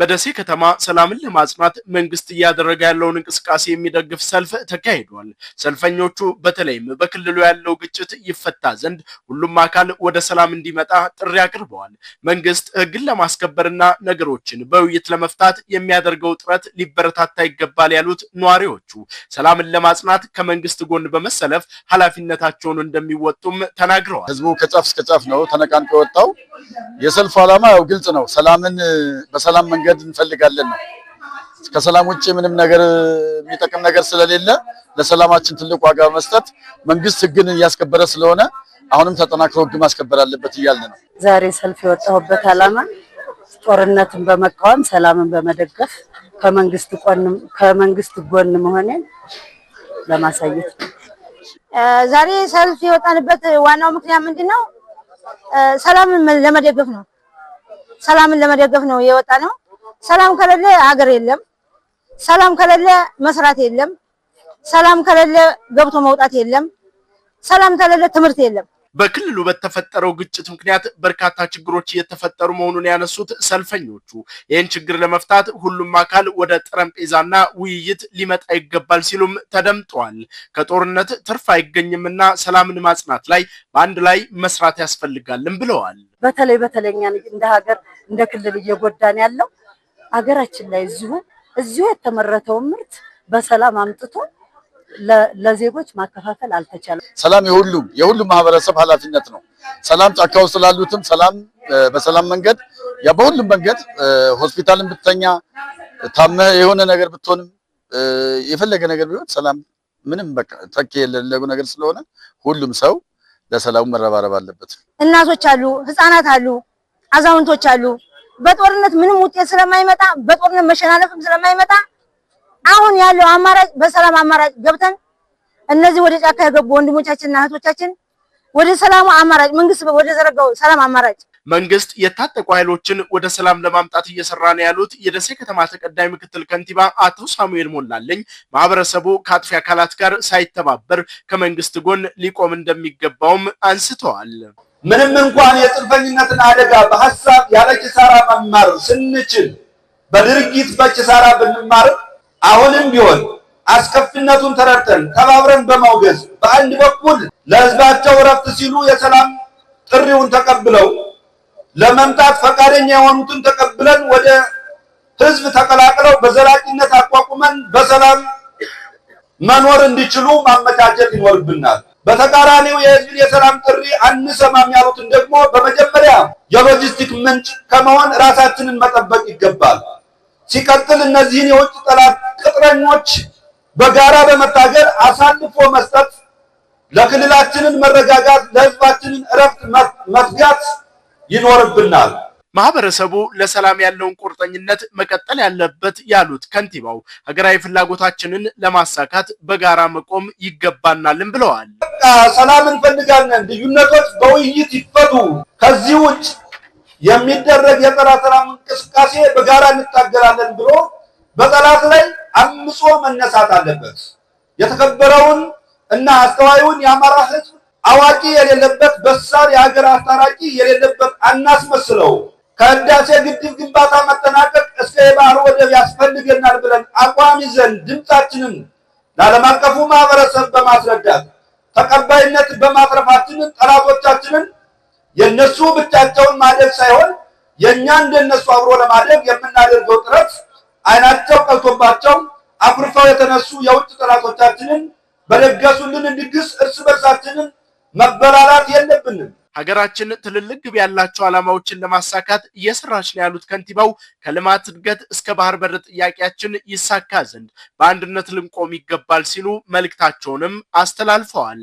በደሴ ከተማ ሰላምን ለማጽናት መንግስት እያደረገ ያለውን እንቅስቃሴ የሚደግፍ ሰልፍ ተካሂዷል። ሰልፈኞቹ በተለይም በክልሉ ያለው ግጭት ይፈታ ዘንድ ሁሉም አካል ወደ ሰላም እንዲመጣ ጥሪ አቅርበዋል። መንግስት ህግን ለማስከበርና ነገሮችን በውይይት ለመፍታት የሚያደርገው ጥረት ሊበረታታ ይገባል ያሉት ነዋሪዎቹ ሰላምን ለማጽናት ከመንግስት ጎን በመሰለፍ ኃላፊነታቸውን እንደሚወጡም ተናግረዋል። ህዝቡ ከጫፍ እስከ ጫፍ ነው ተነቃንቆ የወጣው። የሰልፉ ዓላማ ያው ግልጽ ነው። ሰላምን በሰላም መንገድ መንገድ እንፈልጋለን ነው። ከሰላም ውጭ ምንም ነገር የሚጠቅም ነገር ስለሌለ ለሰላማችን ትልቅ ዋጋ መስጠት መንግስት ህግን እያስከበረ ስለሆነ አሁንም ተጠናክሮ ህግ ማስከበር አለበት እያልን ነው። ዛሬ ሰልፍ የወጣሁበት አላማ ጦርነትን በመቃወም ሰላምን በመደገፍ ከመንግስት ጎን መሆኔን ለማሳየት ነው። ዛሬ ሰልፍ የወጣንበት ዋናው ምክንያት ምንድን ነው? ሰላምን ለመደገፍ ነው። ሰላምን ለመደገፍ ነው የወጣ ነው። ሰላም ከሌለ ሀገር የለም። ሰላም ከሌለ መስራት የለም። ሰላም ከሌለ ገብቶ መውጣት የለም። ሰላም ከሌለ ትምህርት የለም። በክልሉ በተፈጠረው ግጭት ምክንያት በርካታ ችግሮች እየተፈጠሩ መሆኑን ያነሱት ሰልፈኞቹ ይህን ችግር ለመፍታት ሁሉም አካል ወደ ጠረጴዛና ውይይት ሊመጣ ይገባል ሲሉም ተደምጠዋል። ከጦርነት ትርፍ አይገኝምና ሰላምን ማጽናት ላይ በአንድ ላይ መስራት ያስፈልጋልም ብለዋል። በተለይ በተለይ እኛን እንደ ሀገር እንደ ክልል እየጎዳን ያለው አገራችን ላይ እዚሁ እዚሁ የተመረተውን ምርት በሰላም አምጥቶ ለዜጎች ማከፋፈል አልተቻለም። ሰላም የሁሉም የሁሉም ማህበረሰብ ኃላፊነት ነው። ሰላም ጫካ ውስጥ ላሉትም ሰላም በሰላም መንገድ ያ በሁሉም መንገድ ሆስፒታልን ብትተኛ ታመህ የሆነ ነገር ብትሆንም የፈለገ ነገር ቢሆን ሰላም ምንም በቃ ተኪ የሌለው ነገር ስለሆነ ሁሉም ሰው ለሰላሙ መረባረብ አለበት። እናቶች አሉ፣ ህፃናት አሉ፣ አዛውንቶች አሉ በጦርነት ምንም ውጤት ስለማይመጣ በጦርነት መሸናነፍም ስለማይመጣ አሁን ያለው አማራጭ በሰላም አማራጭ ገብተን እነዚህ ወደ ጫካ የገቡ ወንድሞቻችንና እህቶቻችን ወደ ሰላሙ አማራጭ መንግስት ወደ ዘረጋው ሰላም አማራጭ መንግስት የታጠቁ ኃይሎችን ወደ ሰላም ለማምጣት እየሰራ ነው ያሉት የደሴ ከተማ ተቀዳሚ ምክትል ከንቲባ አቶ ሳሙኤል ሞላለኝ ማህበረሰቡ ከአጥፊ አካላት ጋር ሳይተባበር ከመንግስት ጎን ሊቆም እንደሚገባውም አንስተዋል። ምንም እንኳን የጽንፈኝነትን አደጋ በሀሳብ ያለ ኪሳራ መማር ስንችል በድርጊት በኪሳራ ብንማር አሁንም ቢሆን አስከፊነቱን ተረድተን ተባብረን በማውገዝ በአንድ በኩል ለሕዝባቸው እረፍት ሲሉ የሰላም ጥሪውን ተቀብለው ለመምጣት ፈቃደኛ የሆኑትን ተቀብለን ወደ ሕዝብ ተቀላቅለው በዘላቂነት አቋቁመን በሰላም መኖር እንዲችሉ ማመቻቸት ይኖርብናል። በተቃራኒው የህዝብን የሰላም ጥሪ አንሰማም ያሉትን ደግሞ በመጀመሪያ የሎጂስቲክ ምንጭ ከመሆን ራሳችንን መጠበቅ ይገባል። ሲቀጥል እነዚህን የውጭ ጠላት ቅጥረኞች በጋራ በመታገል አሳልፎ መስጠት ለክልላችንን መረጋጋት፣ ለህዝባችንን እረፍት መትጋት ይኖርብናል። ማህበረሰቡ ለሰላም ያለውን ቁርጠኝነት መቀጠል ያለበት ያሉት ከንቲባው ሀገራዊ ፍላጎታችንን ለማሳካት በጋራ መቆም ይገባናልን ብለዋል። ሰላም እንፈልጋለን፣ ልዩነቶች በውይይት ይፈቱ። ከዚህ ውጭ የሚደረግ የጸረ ሰላም እንቅስቃሴ በጋራ እንታገላለን ብሎ በጠላት ላይ አምጾ መነሳት አለበት። የተከበረውን እና አስተዋዩን የአማራ ሕዝብ አዋቂ የሌለበት በሳል የሀገር አስታራቂ የሌለበት አናስመስለው። ከህዳሴ ግድብ ግንባታ መጠናቀቅ እስከ የባህር ወደብ ያስፈልገናል ብለን አቋም ይዘን ድምፃችንን ለዓለም አቀፉ ማህበረሰብ በማስረዳት ተቀባይነት በማትረፋችንን ጠላቶቻችንን የነሱ ብቻቸውን ማደግ ሳይሆን የእኛ እንደነሱ አብሮ ለማደግ የምናደርገው ጥረት አይናቸው ቀልቶባቸው አኩርፈው የተነሱ የውጭ ጠላቶቻችንን በደገሱልን ድግስ እርስ በርሳችንን መበላላት የለብንም። ሀገራችን ትልልቅ ግብ ያላቸው ዓላማዎችን ለማሳካት እየሰራች ነው ያሉት ከንቲባው ከልማት እድገት እስከ ባህር በር ጥያቄያችን ይሳካ ዘንድ በአንድነት ልንቆም ይገባል ሲሉ መልእክታቸውንም አስተላልፈዋል።